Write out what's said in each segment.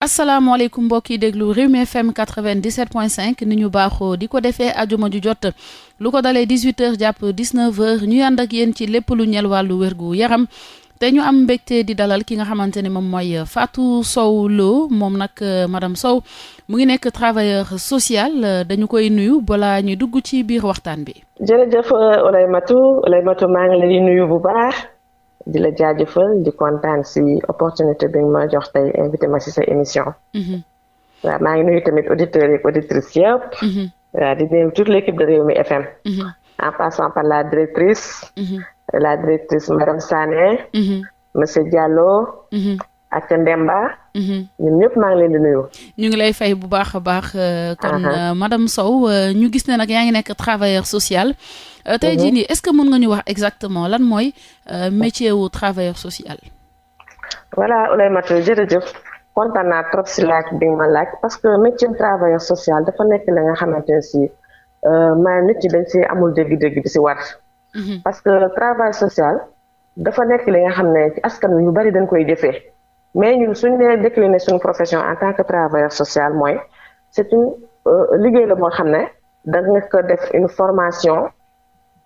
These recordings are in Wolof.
asalaamaaleykum mbokk yi déglu Rewmi FM 97.5 ni ñu baaxoo di ko defee ajuma ju jot lu ko dalee 18h jàpp 19h ñu ànd ak yéen ci lépp lu ñel wàllu wérgu yaram te ñu am mbégte di dalal ki nga xamante ne moom mooy Fatou Sow Lo moom nag euh, madame Sow mu ngi nekk travailleur social dañu koy nuyu balaa ñu dugg ci biir waxtaan bi. jërëjëf euh, Olay Matou Olay Matou maa ngi lay nuyu bu baax. di la jaajëfal di kontaan si opportunité bi ma jox tey invité si sa émission. Mhm. waaw maa ngi nu tamit auditeurs yeeg auditrices yëpp. Mhm. waaw di nuyu toute l' équipe de Rewmi FM. Mhm. en passant par la directrice. la directrice madame Sané. monsieur Diallo. ak Ndemba. ñoom mhm. ñëpp maa ngi leen di nuyu. ñu ngi lay fay bu baax a baax. Euh, kon euh, madame Sow euh, ñu gis ne nag yaa ngi nekk travailleur social. tey mhm. jii nii est-ce que mën nga ñu wax exactement lan mooy métier wu travailleur social. voilà Ouleymatou jërëjëf kontaan naa trop si laaj bi ma laaj parce que métier travailleur social dafa nekk la nga xamante ne si maanaam nit ñi dañ si amul dégg-dégg bi si war. Mhm. parce que travail social dafa nekk li nga xam ne ci askan wi ñu bari dañ koy jëfee. mais ñun suñ nee décliner suñu profession en tant que travailleur social mooy c'est une euh, liggéey la boo xam ne da nga ko def une formation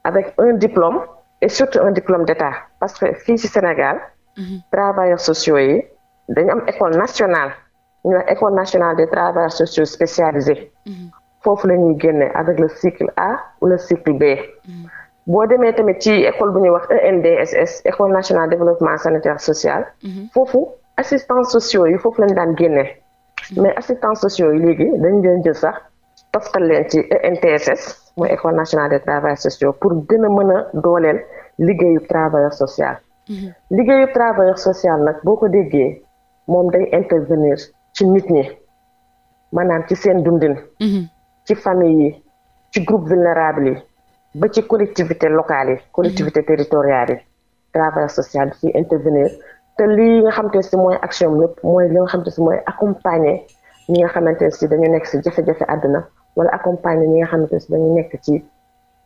avec un diplôme et surtout un diplôme d'état parce que fii ci Sénégal mhm. travailleurs sociaux yi dañu am école nationale ñu wax école nationale des travailleurs sociaux spécialisés mhm. foofu la ñuy génne avec le cycle A ou le cycle B mhm. boo demee tamit ci école bu ñuy wax ENDSS école nationale développement sanitaire sociale assistants sociaux yi foofu lañ daan génne mais assistants sociaux yi léegi dañ leen jël sax toftal leen ci ENTSS mooy école nationale des travailleurs sociaux pour gën a mën a dooleel liggéeyu travailleur social. Mhm. liggéeyu travailleur sociale nag boo ko déggee moom day intervenir ci nit ñi maanaam ci seen dundin. Mhm. ci famille yi ci groupe vulnérable yi ba ci collectivité locale yi collectivité mhm. territoriale yi travailleur social bi ciy intervenir te lii nga xamante ne si mooy action lépp mooy li nga xamante ne si mooy accompagner ñi nga xamante ne si dañu nekk si jafe-jafe àdduna wala accompagner ñi nga xamante ne si dañu nekk ci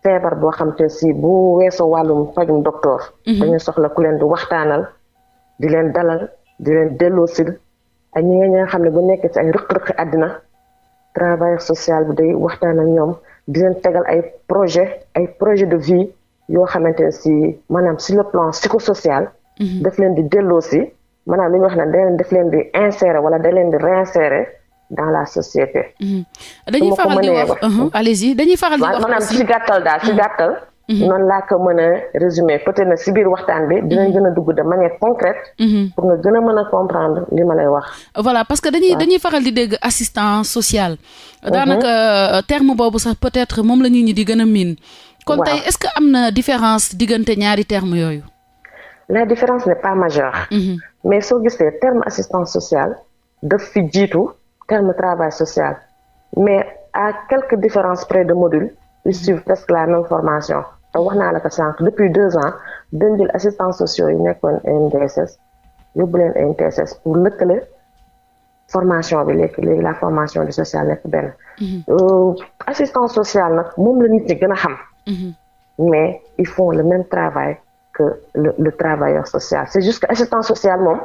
feebar boo xamante ne si bu weesoo wàllum fajum docteur. Mhm. dañu soxla ku leen di waxtaanal di leen dalal di leen delloosil ak ñi nga xam ne bu nekk ci ay rëq-rëq àddina travail social bi day waxtaan ak ñoom di leen tegal ay projet ay projet de vie yoo xamante ne si maanaam si le plan psychosocial. Mm-hmm. daf leen di delloosi maanaam li ñu wax ne da leen leen di insérer wala da leen di réinsérer dans la société. Mm-hmm. dañuy faral di wax uh-huh, allez-y dañuy faral di wax maanaam si gàttal daal si mm-hmm. laa ko mën a résumer peut-être na si biir waxtaan bi dinañ gën a dugg de manière concrète. pour nga gën a mën a comprendre li ma lay wax. voilà parce que dañuy dañuy faral di dégg assistance sociale. daanaka euh, terme boobu sax peut-être moom la nit ñi di gën a miin. kon tey est-ce que am na différence diggante ñaari terme yooyu. la différence n'est pas majeure mm-hmm. mais soo gisee terme assistance sociale da fi jiitu terme travail sociale mais à quelques différence près de module ils mm-hmm. suivent presque la même formation te wax naa la ko sànq depuis deux ans dañ jël assistance sociaux yi nekkoon e s yóbbu leen MTSS e pour lëkkale formation bi léegi la formation du social nekk benn mm-hmm. euh, assistance sociale nag moom la nit ñi gën a xam mais ils font le même travail que le, le travailleur social c'est juste que assistant social moom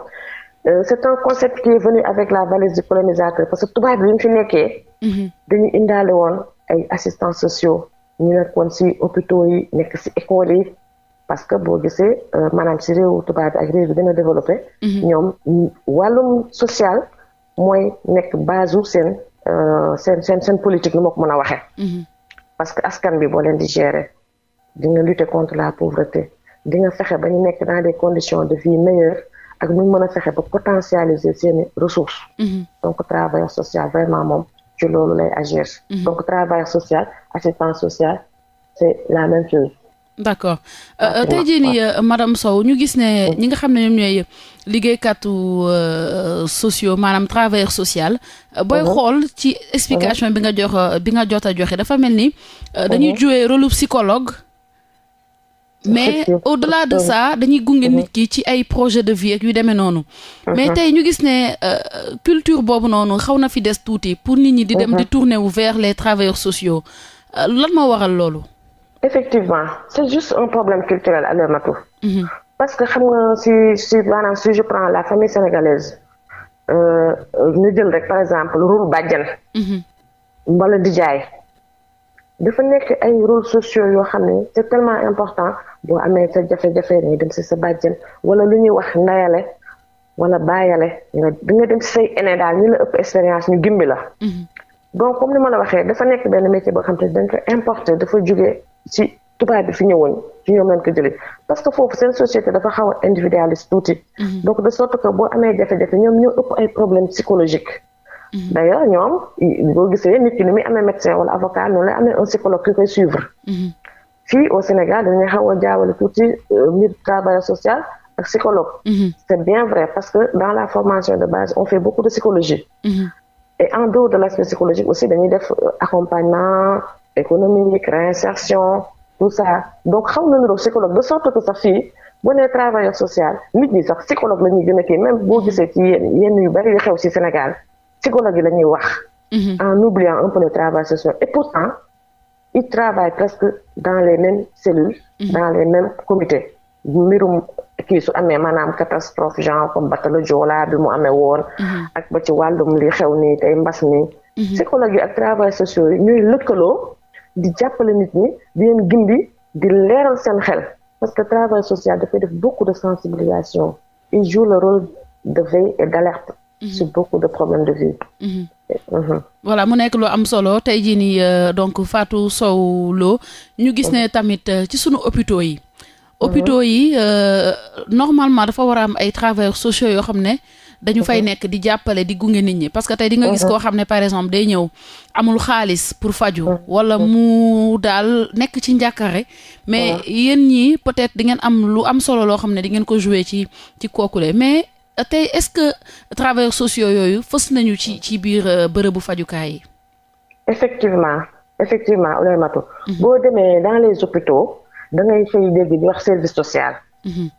euh, c'est un concept qui est venu avec la valise du colonisateur parce que tubaab bi ñu fi nekkee mhm. dañu indaale woon ay assistance sociaux ñu nekk woon ci hôpitaux yi nekk ci écoles yi parce que boo gisee euh, maanaam ci réew tubaab bi ak réew bi gën développé mhm. ñoom wàllum sociale mooy nekk base u seen euh, seen seen seen politique lu ma ko mën a waxee mhm. parce que askan bi boo leen di gérer di nga lutter contre la pauvreté di nga fexe ba ñu nekk dans des conditions de vie meilleures ak nu mën a fexe ba potentialiser seeni ressources mhm. donc travail social vraiment moom ci loolu lay agir mhm. donc travail social assistance social c'est la même chose d' accord euh, tey jii nii euh, madame Sow ñu gis ne ñi nga xam ne ñoom liggéey liggéeykatu euh, sociaux maanaam travailleur social. booy mhm. xool ci explication bi nga jox bi nga jot a joxe dafa mel ni. dañuy jouer rôle psychologue. mais au-delà de ça dañuy gunge mhm. nit ki ci ay projet de vie ak yu demee noonu. Mhm. mais tey ñu gis ne euh, culture boobu noonu xaw na fi des tuuti pour nit ñi di dem di mhm. tourner wu vers les travailleurs sociaux euh, lan moo waral loolu. effectivement c'est juste un problème culturel à l'heure matou parce que xam nga si si maanaam si la famille sénégalaise euh, ñu jël rek par exemple rôle bàjjan. mbala di jaay. dafa nekk ay rôles sociaux yoo xam ne c'est tellement important boo amee sa jafe-jafe ngay dem si sa bàjjen wala lu ñuy wax ndayale wala bàyyale nga di nga dem si say aîné daal ñu la ëpp expérience ñu gimbi la mhm. donc comme ni ma la waxee dafa nekk benn métier boo xam te dañ ko importé dafa jugee si tubaab bi fi ñëwoon ci ñoom lañ ko jëlee parce que foofu seen société dafa xaw a individualiste tuuti mhm. donc de sorte que boo amee jafe-jafe ñoom ñoo ëpp ay problème psychologiques Mhm. d' ñoom boo gisee nit ki ni muy amee médecin wala avocat noonu lay amee un psychologue ki koy suivre. Mhm. fii au Sénégal dañuy xaw a jaawale tuuti euh, mbir travailleur sociale ak psychologue. Mhm. c' bien vrai parce que dans la formation de base on fait beaucoup de psychologie. et en dehors de l' aspect psychologique aussi dañuy def euh, accompagnement économique réinsertion tout ça donc xaw na niroo psychologue de sorte que sax fii boo nee travailleur social nit ñi sax psychologue la ñuy gën a kii même boo gisee ci yenn yu bari yu xew ci psychologue yi la ñuy wax. Mhm. en oubliant un peu le travail social et pourtant ils travaillent presque dans les mêmes cellules. Mhm. dans les mêmes comités. mbirum kii su amee maanaam catastrophe genre comme batalo Joola bi mu amee woon. Mhm. ak ba ci wàllum li xew nii tey mbas nii. psychologue yi ak travail sociaux yi ñuy lëkkaloo di jàppale nit ñi di leen gindi di leeral seen xel parce que travail social dafay def beaucoup de sensibilisation il joue le rôle de veille et d' Mhm. sur beaucoup de mhm. Mhm. voilà mu nekk lu am solo tey jii nii euh, donc faatu Sow Lo ñu gis ne tamit euh, ci sunu hôpitaux yi. hôpitaux yi euh, normalement dafa war a am ay travailleurs sociaux yoo xam ne. dañu fay nekk di jàppale di gunge nit ñi parce que tey di nga gis koo xam ne par exemple day ñëw amul xaalis pour faju wala mu daal nekk ci njàkkare mais yéen ñi peut-être di ngeen am lu am solo loo xam ne di ngeen ko jouer ci ci le mais Euh, tey est-ce que travailleurs sociaux yooyu fës nañu ci biir euh, bërëbu fajukaay yi. effectivement effectivement Ouleye Matou. Mhm. boo demee dans les hôpitaux da ngay fay dégg di wax service social. Mhm.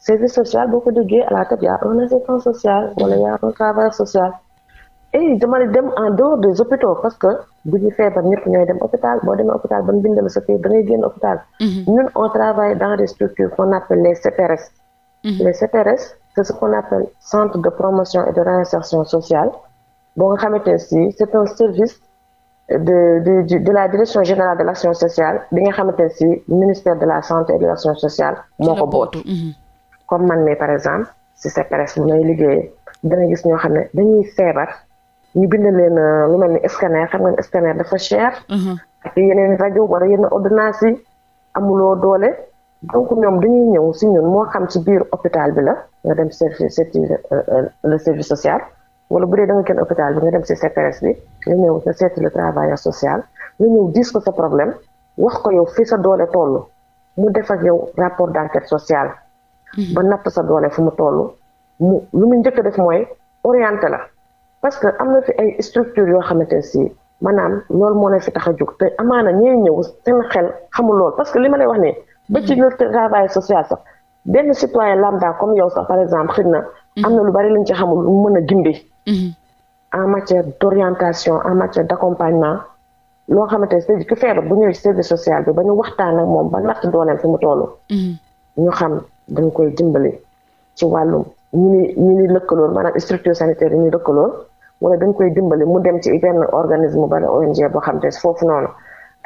service social boo ko déggee à la tête y a un social wala y a un travailleur social. et dama dem en dehors des hôpitaux parce que bu ñu feebar ñëpp ñooy dem hôpital boo demee hôpital ba mu bindal sa kii da ngay génn hôpital. Mhm. ñun on travaille dans des structures qu'on les CPRS. les CPRS. c'est ce qu'on appelle centre de promotion et de réinsertion sociale boo nga xamante ne si c'est un service de de de, de la direction générale de l'action sociale bi nga xamante ne si ministère de la santé de l'action sociale moo ko boot mhm. comme man mi par exemple si sa presse bu may liggéeyee dana gis ñoo xam ne dañuy feebar ñu bind leen euh, lu mel ni scanner xam nga ne scanner dafa cher mhm. ak yeneen rajo wala yenn ordonnance yi amuloo doole donc ñoom dañuy ñëw si ñun moo xam ci biir hôpital bi la nga dem service euh, euh, le service social wala bu dee da kenn hôpital bi nga dem si CPS bi nga ñëw nga seeti social nga ñëw ko sa problème wax ko yow fii sa doole toll mu def ak yow rapport d'enquête sociale. Mhm. ba napp sa doole fu mu toll lu mu njëkk def mooy orienté la parce que am na fi ay structure yoo xamante ne si maanaam loolu moo leen fi tax a jóg te amaana ñee ñëw seen xel xamul lool parce que li ma lay wax nii. ba ci le travail social sax benn citoyen lambda comme yow sax par exemple xëy na mhm. am na lu bari luñ ci xamul lu mën a gindee mhm. en matière d'orientation en matière d'accompagnement loo xamante ne cest ku feebar bu ñëwee service sociale bi ba ñu waxtaan moom ba natt dooleen fi mu toll mhm. ñu xam dañ koy dimbali ci wàllum ñu ni ñu ni lëkkalool maanaam structure sanitaire yi ñuy lëkkalool wala dañ koy dimbali mu dem ci benn organisme bala ONG boo xam te foofu noonu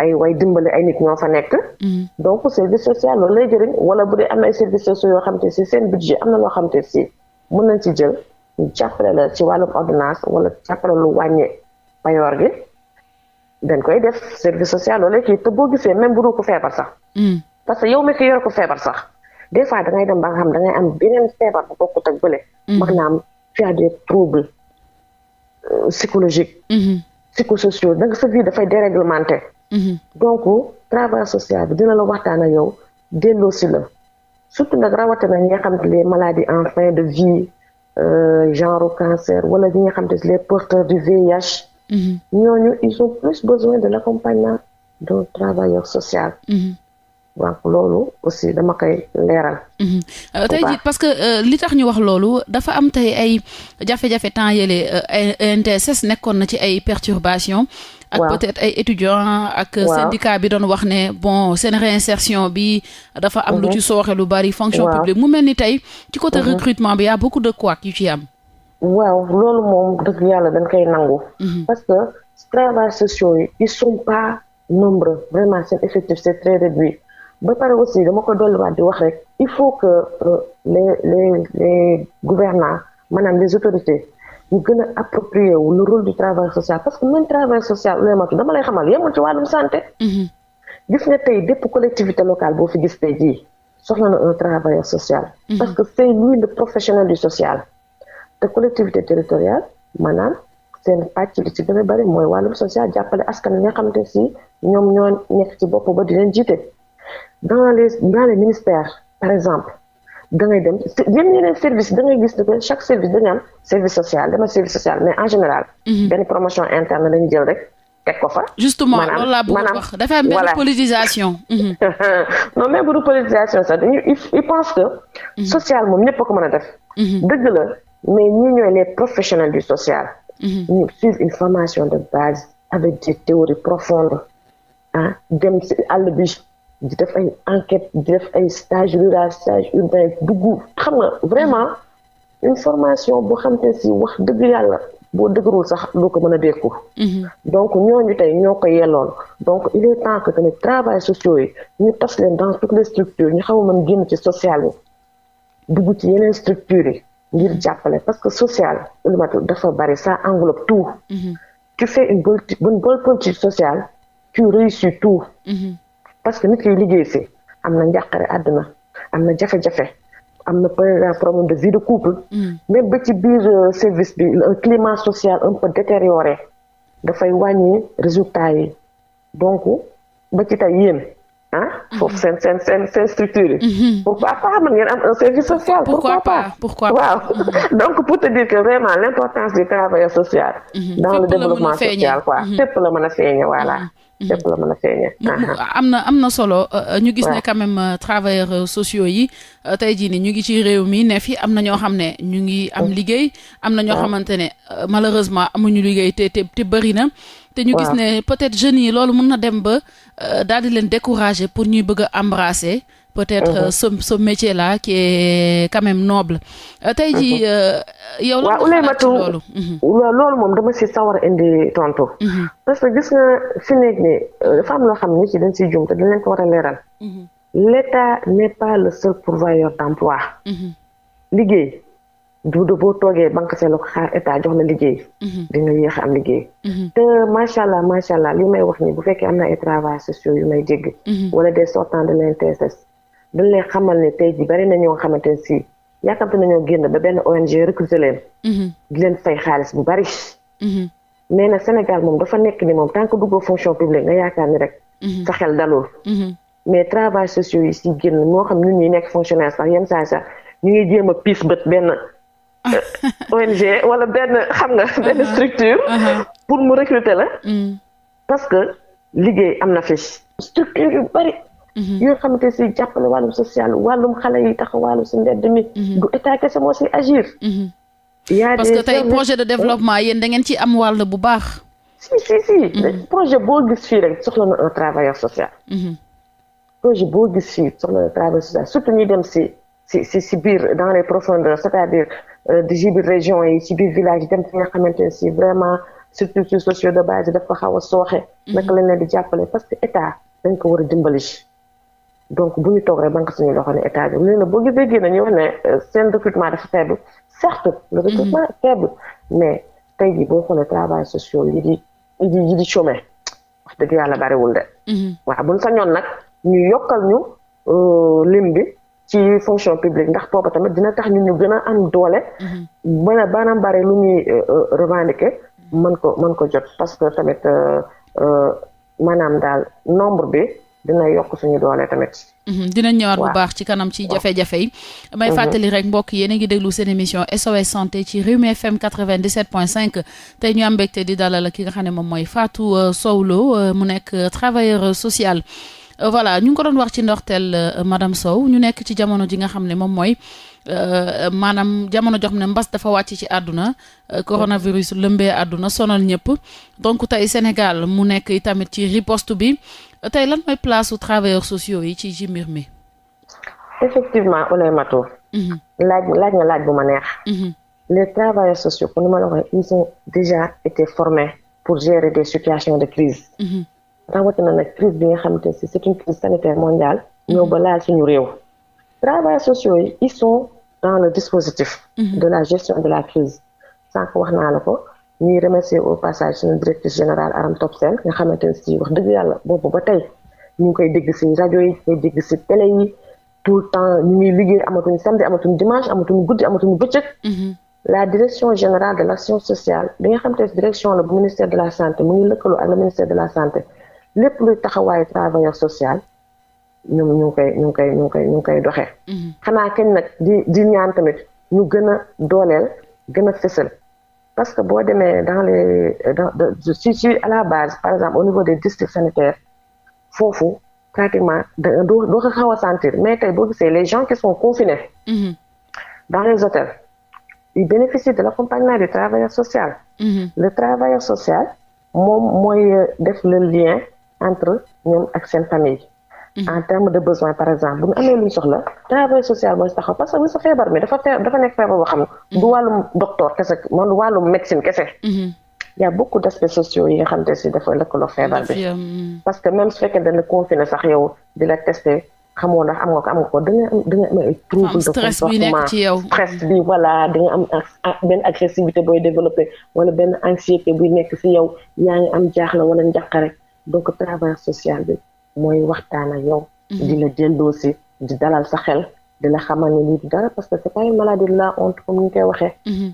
ay way dimbali ay nit ñoo fa nekk. Mm-hmm. donc service social loolu lay jëriñ wala bu am na ay services sociaux yoo xam te si seen budget am na loo xam te si mën nañ ci jël ñu la ci wàllum ordonnance wala jàppale lu wàññi payoor gi dañ koy def service social loolu lay kii boo gisee même bu ko feebar sax. Mm-hmm. parce que yow mi ko yor feebar sax des fois da ngay dem ba nga xam da ngay am beneen feebar bu bokkut ak bële. Mm-hmm. maanaam tu as des troubles euh, psychologiques. psychosociaux da nga sa vie dafay déréglementé. Mhm. donc travail social bi dina la waxtaan a yow delloo si la surtout nag rawatina ñi nga xam ne les en fin de vie euh, genre cancer wala ñi nga xam ne les porteurs du VIH. Mhm. ñooñu mm -hmm. ils plus besoin de l' accompagnement d'un travailleur social. Mhm. donc loolu aussi dama koy leeral. Euh, parce que euh, li tax ñu wax loolu dafa am tey ay jafe-jafe temps yële euh, NTSS nekkoon na ci ay perturbations. ak peut-être ay étudiants ak syndicat bi doon wax ne bon seen réinsertion bi dafa am lu mhm. ci sooxe lu bari fonction publique mu mel ni tey ci côté mhm. recrutement bi y a beaucoup de quoi yu ci am waaw loolu moom dëgg yàlla dañ koy nangu mhm. parce que travailleurs sociaux yi ils sont pas nombreux vraiment seen effectif c'est très réduit ba pare aussi dama ko dolliwaat di wax rek il faut que euh, les les les gouvernants maanaam les autorités ñu gën a approprié wu le rôle du travail social parce que même travail social ulematu dama lay xamal yemul ci wàllum santé mhm. gis nga tey bépp collectivité locale boo fi gis tey jii soxla na un travailleur social mhm. parce que c'est lui le professionnel du social te collectivité territoriale maanaam seen pàcc li ci gën a bëri mooy wàllum social jàppale askan nga xam ne si ñoom ñoo nekk ci bopp ba di leen jiite dans les dans les par exemple da ngay dem yenn yeneen service da ngay gis ne que chaque service dañu am service social dama service social mais en général. Mhm. benn promotion interne ko fa. a wax dafa am benn politisation. Mhm. non mais politisation sax dañu il pense que. Mhm. social moom ñëpp a ko man a def. dëgg la mais ñi ñooy les professionnels du social. ñu suivre formation de base avec des théories profondes ah dem si àll bi. di def ay enquête di def ay stage rural stage urbain duggu xam nga vraiment information boo xam te si wax dëgg yàlla boo dëgërul sax doo ko mën a dékku mhm. donc ñooñu tey ñoo ko yelloon donc il est temps que tamit sociaux yi ñu tas leen dans toutes les structures ñu xaw a mën génn ci sociale yi dugg ci yeneen structures yi ngir jàppale parce que social ulimatu dafa bari sa englobe tout mhm. tu fais une politique sociale tu réussis tout mhm. parce que nit kiy liggéey fi am na njàqare àdduna am na jafe-jafe am na par exemple problème de vie de couple. Mm. même ba ci biir euh, service bi un climat social un peu détérioré dafay wàññi résultat yi donc ba ci tey foofu seen seen seen seen structure yi. pourquoi pas mën ngeen am um, un um service social. pourquoi pas pourquoi pas waaw donc pour te dire que vraiment l' importance du travailleur social. dans le développement social quoi fépp la a feeñe voilà. fépp la mën a feeñe. am na am na solo ñu uh, uh, gis ne quand même euh, travailleurs euh, sociaux yi euh, tey jii ñu ngi ci réew mi ne fi am na ñoo xam ne ñu ngi am mm. liggéey am na ñoo xamante ne malheureusement amuñu liggéey te te te te ñu gis ne peut-être jeunes yi loolu mën na dem ba euh, daal di leen décourager pour ñuy bëgg a embrasser peut-être mhm. euh, ce ce métier là qui est quand même noble euh, tey jii mhm. yow la waaw Oulaymatou loolu mhm. loolu moom dama si war a indi tontu parce que gis nga fi nekk ni loo xam nit ci dañ siy jum ko war a leeral l'État n'est pas le seul pourvoyeur d'emploi liggéey duudu boo toogee banque se loxo xaar état jox la liggéey. Mhm. di nga yéex am liggéey. Mhm. te macha allah macha allah li may wax nii bu fekkee am na ay travailleurs sociaux yu may dégg. Mhm. wala des sortants de l'INTSS dañ lay xamal ne tey ji bari na ñoo xamante ne si yàkkamte nañoo génn ba benn ONG recruter leen. di leen fay xaalis bu bari. mais nag Sénégal moom dafa nekk ni moom tant que duggoo fonction publique nga yaakaar ni rek. sa xel dalul. mais travailleurs sociaux yi si génn moo xam ñun nekk fonctionnaire sax yenn saa sax ñu ngi jéem benn. ONG wala benn xam nga benn uh-huh. structure. Uh-huh. pour mu recruter la. Mm. parce que liggéey am na fi. structure yu bari. Mm-hmm. yoo xamante si jàppale wàllum social wàllum xale yi taxawaalu si mbedd mi. Mm-hmm. du état kese moo si agir. Mm-hmm. yaa parce que tey projet de développement yéen da ngeen ci am wàll bu baax. si si si. projet boo gis fii rek soxla na un travailleur social. projet boo gis fii soxla na travailleur social surtout ñi dem si. si si si biir dans les profondeurs c'est-à-dire euh, di ci biir région yi ci biir village dem fi nga xamante ne si vraiment structures sociaux de base dafa xaw a sooxe. Mhm. naka lañ leen di jàppale parce que état dañ ko war a dimbali. donc bu ñu toog rek banque suñu loxo ne état bi nee na boo gisee génn ñu wax ne euh, seen recrutement dafa faible certes le mhm. recrutement faible mais tey jii boo xoolee travail social yi di yi di chômer wax dëgg yàlla bariwul de. Mhm. waaw buñ sañoon nag ñu yokkal ñu euh, lim ci fonction publique ndax booba tamit dina tax ñu gën a am doole. Mhm. mën a baanaam bare lu ñuy euh, euh, revendiquer. Mhm. mën ko mën ko jot parce que tamit euh, maanaam daal nombre bi dina yokk suñu doole tamit. Mhm. dina ñëwaat bu baax ci kanam ci jafe-jafe yi. may fàttali rek mbokk yéen a ngi déglu seen émission SOS santé ci Rewmi FM 97.5 tey ñu am mbégte di dalal ki nga xam ne moom mooy faatu Sow mu nekk travailleur social. voilà ñu ngi ko doon wax ci ndorteel euh, madam Sow ñu nekk ci jamono ji nga xam ne moom mooy euh, maanaam jamono jox ne mbas dafa wàcc ci àdduna euh, coronavirus lëmbee àdduna sonal ñëpp donc tey Sénégal mu nekk itamit ci riposte bi tey lan mooy place su travailleurs sociaux yi ci ci mi. effectivement Ouleymatou. Mhm. laaj laaj nga laaj bu ma neex. Mhm. les travailleurs sociaux pour ni ma la waxee ils ont déjà été formés pour gérer des situations de crise. Mhm. rawatina nag crise bi nga xamante ne si c'est une crise sanitaire mondiale. Mhm. ñëw ba laal suñu réew. travailleurs sociaux yi ils dans le dispositif. Mhm. de la gestion de la crise sànq wax naa la ko ñuy remercier au passage suñu directrice générale Aram Top nga xamante ne si wax dëgg yàlla boobu ba tey ñu ngi koy dégg si rajo yi ñu koy dégg si télé yi tout le temps ñu ngi liggéey amatuñu samedi amatuñu dimanche amatuñu guddi amatuñu bëccëg. Mhm. la direction générale de l' action sociale bi nga xamante ne direction la bu ministère de la santé mu ngi la santé. lépp luy taxawaayu travailleur social ñoom ñu ngi koy ñu ngi koy ñu ngi koy ñu koy doxee. Mm-hmm. xanaa kañ nag di di ñaan tamit ñu gën a dooleel gën a fësal parce que boo demee dans les dans à la base par exemple au niveau des districts sanitaires foofu pratiquement doo doo ko xaw sentir mais tey boo gisee les gens qui sont confinés. Mm-hmm. dans les hôtels. ils bénéficient de l'accompagnement du travailleur social. Mm -hmm. le travailleur social moom mooy euh, def le lien entre ñoom mhm. de besoin par exemple bu ñu amee lu ñu soxla travail social mooy taxaw parce que bu sa feebar bi dafa fee dafa nekk feebar bo xam ne. Mhm. du wàllum docteur kese moom du wàllum médecine kese. Mhm. y' a beaucoup d' aspects sociaux yi nga xam te si dafa lëkkaloo feebar bi. parce que même su fekkee dañ la sax yow di la testé xamoo ndax am nga ko am nga ko da nga am da nga am ay trouble de stress bi voilà da am benn agressivité booy développé wala benn anxiété buy nekk si yow yaa ngi am jaaxle wala njàqare donc travail social bi mooy waxtaan a yow. Mhm. di la delloo si di dalal sa xel di la xamal ne lii du parce que c'est pas la honte comme ni ñu koy waxee. Mhm.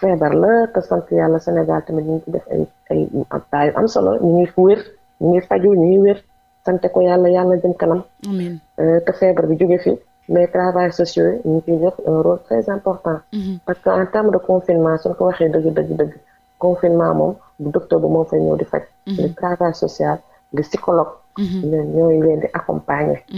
feebar la te sant yàlla Sénégal tamit ñu ngi ci def ay ay am solo ñu ngi wér ñu ngi faju nu ngi wér sante ko yàlla yàlla jëm kanam. amiin euh, te feebar bi jóge fi. mais travail sociaux ñu ngi ciy def un rôle très important. Mhm. parce que en terme de confinement suñ ko waxee dëgg dëgg dëgg. confinement moom du docteur ba moo fay ñëw di faj mhm. le travail social le psychologue mhm. ñoom ñooy leen di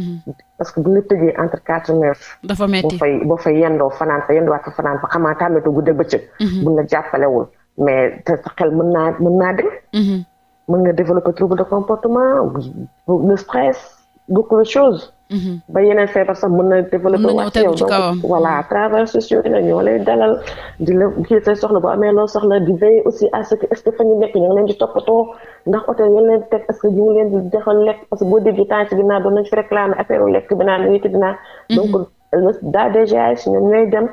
mhm. parce que bu ñu tëjee entre quatre murs dafa metti boo fay boo fay yendoo fanaan fa yenduwaat fa fanaan fa xamaa tàmmetu guddeeg bëccëg buñ la jàppalewul mais te sa xel mën naa mën naa dem nga développer trouble de comportement le stress beaucoup de choses Mm-hmm. ba yeneen feebar sax mën na développer wàcc yow donc voilà à travers sociaux yi nag ñoo lay dalal di la kii say soxla bu amee loo soxla di veiller aussi à ce que est ce que fa ñu nekk ndax hôtel yi leen teg est mm-hmm. ñooy dem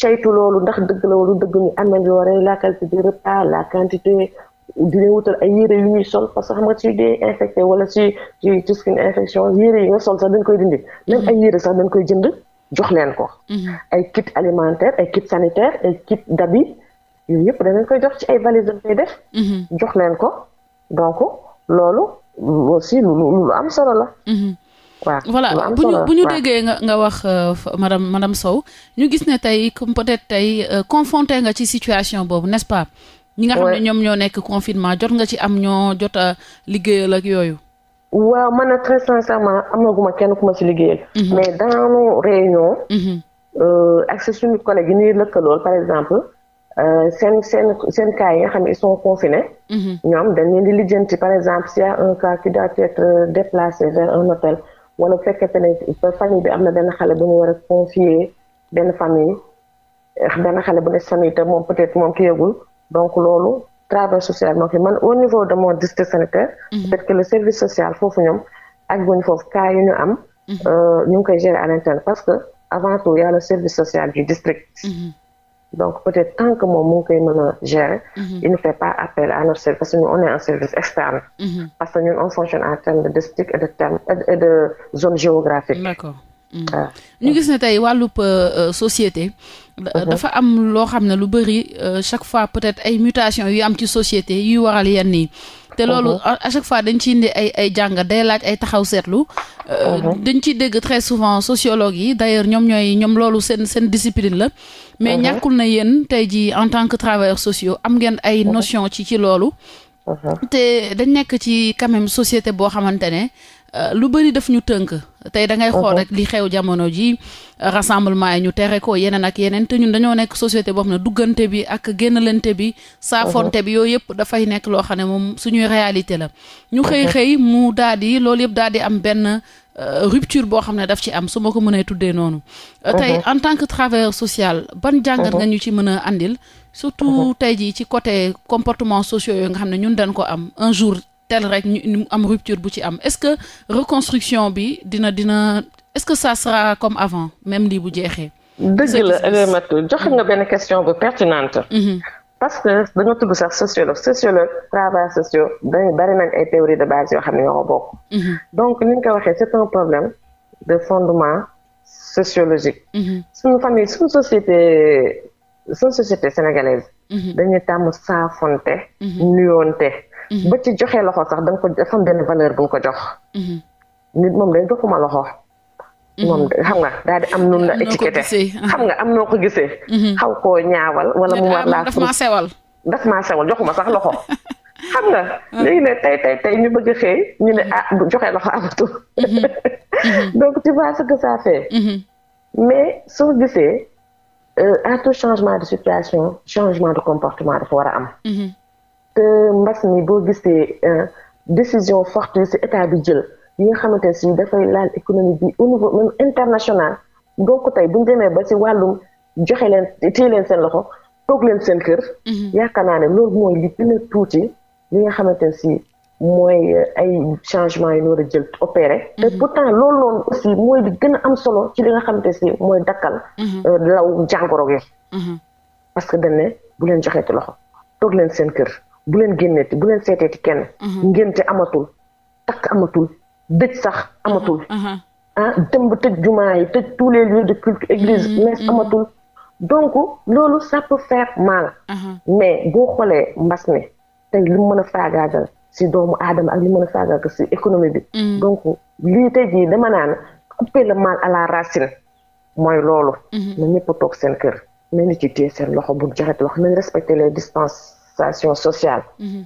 ceytu loolu ndax dëgg la wala dëgg ñu amélioré la qualité du repas la quantité di leen wutal ay yére yu ñuy sol parce que xam nga si dee infecté wala si ci ci une infection yére yi nga sol sax dañ koy dindi même ay yére sax dañ koy jënd jox leen ko. Mhm. ay alimentaire ay kit sanitaire ay yëpp dañ leen jox ci ay valises dañ koy def. Mhm. jox leen ko donc loolu aussi lu am solo la. Mhm. waaw voilà bu ñu déggee nga nga wax euh, madame madame Sow ñu gis ne tey comme peut-être tey euh, confronté nga ci situation boobu n'est-ce pas. ñi nga xam ne ñoom ñoo nekk confinement jot nga ci am ñoo jot a liggéeyal ak yooyu. waaw man nag très sincèrement amaguma kenn ku ma ci liggéeyal. Mhm. mais daanu réunion. Mhm. Euh, ak sa suñu collègue yi ñuy lëkkalool par exemple euh, seen seen seen cas yi nga xam ne ils sont mhm. ñoom dañ leen di lijjanti par exemple si a un cas qui doit être euh, déplacé vers un hôtel wala bu fekkente ne famille bi am na benn xale bu ñu war a confier benn famille eh, benn xale bu ne famille te moom peut donc loolu travail social moo fi man au niveau de mon district sanitaire mhm. peut-être que le service social foofu ñoom ak buñu foofu cas yu ñu am mhm. euh, ñu ngi koy gérer à l'interne parce que avant tout y a le service social du district mhm. donc peut-être tant que moom mu koy mën a gérer il ne fait pas appel à notre service parce que ñun on est un service externe parce que ñun on fonctionne en termes de district et de zone géographique d'accord Mm. Ah. ñu gis ne tey wàllub euh, euh, société. Euh, mm-hmm. dafa am loo xam ne lu bëri chaque fois peut-être ay mutation yu am ci société yuy waral yenn yi. te loolu mm-hmm. à chaque fois dañ ci indi ay ay jàngat day laaj ay taxaw seetlu. Mm-hmm. dañ ciy dégg très souvent sociologue yi d'ailleurs ñoom ñooy ñoom loolu seen seen discipline la. mais ñàkkul na yéen tey jii en tant que travailleurs sociaux am ngeen ay notion ci ci loolu. te dañ nekk ci quand même société boo xamante ne. Euh, lu bëri daf ñu tënk tey da ngay uh-huh. xool rek li xew jamono ji rassemblement yi ñu tere ko yeneen ak yeneen te ñun dañoo nekk société boo xam ne duggante bi ak génnalante bi saafonte bi uh-huh. yooyu yëpp dafay nekk loo xam ne moom suñuy réalité la ñu xëy-xëy uh-huh. mu daal di loolu yëpp daal di am benn euh, rupture boo xam ne daf ci am su ma ko mënee tuddee noonu euh, tey en tant que travailleur social ban jàngat nga ñu ci mën a àndil surtout tey jii ci côté comportement sociaux yooyu nga xam ne ñun dañ ko am un jour tel rek ñu am rupture bu ci am est-ce que reconstruction bi dina dina est-ce que sa sera comme avant même lii bu jeexee. dëgg la Elimatou joxe nga benn question bu pertinente. Mhm. parce que da nga tudd sax sociologue sociologue travailleurs sociaux dañ bari nañ ay de base yoo xam ne ñoo ko mhm. ni ko waxee c'est un problème de fondement sociologique. Mhm. suñu famille suñu société suñu société sénégalaise. dañuy tàmm saafonte. nuyoonte. Mm-hmm. ba ci joxee loxo sax da ko dafa am benn valeur bu nga ko jox. Mm-hmm. nit moom day joxuma loxo. Mm-hmm. moom xam nga daal di am nun la étiqueté xam nga am noo ko gisee. xaw ko ñaawal wala mu war ah, laa. daf maa sewal daf maa sewal joxuma sax loxo. xam nga ah. léegi ne tey tey tey ñu bëgg xëy ñu ne ah bu joxe loxo am donc tu vois ce que ça mais soo gisee euh, à tout changement de situation changement de comportement dafa war a am te mbas mi boo gisee euh, décision forte yi si état bi jël yi nga xamante ne si dafay laal économie bi international niveau ko tey bu ñu ba ci wàllum joxe leen téye leen seen loxo toog leen seen kër. Mhm. yaakaar naa ne lool mooy li gën a tuuti li nga xamante ne si mooy euh, ay changement yi ñu jël opéré. te mhm. pourtant loolu noonu a am solo ci li nga xamante si mooy dakkal. Mhm. Euh, law jàngoro gi. parce que dañ ne bu leen joxeeti loxo toog leen seen kër. bu leen génneeti bu leen seeteeti kenn. Mhm. ngénte amatul takk amatul dëj sax amatul. Mhm, mhm. ah dem ba tëj jumaa yi tëj tous les lieux de culte église messe amatul donc loolu ça peut faire mal. mais boo xoolee mbas mi tey li mu mën a faagaagal si doomu aadama ak li mën a faagaagal si économie bi. donc lii tey jii dama naan couper le mal à la racine mooy loolu. na ñëpp toog seen kër nañu ci téye seen loxo bu jaxet wax nañu respecter les distances. association sociale. Mhm.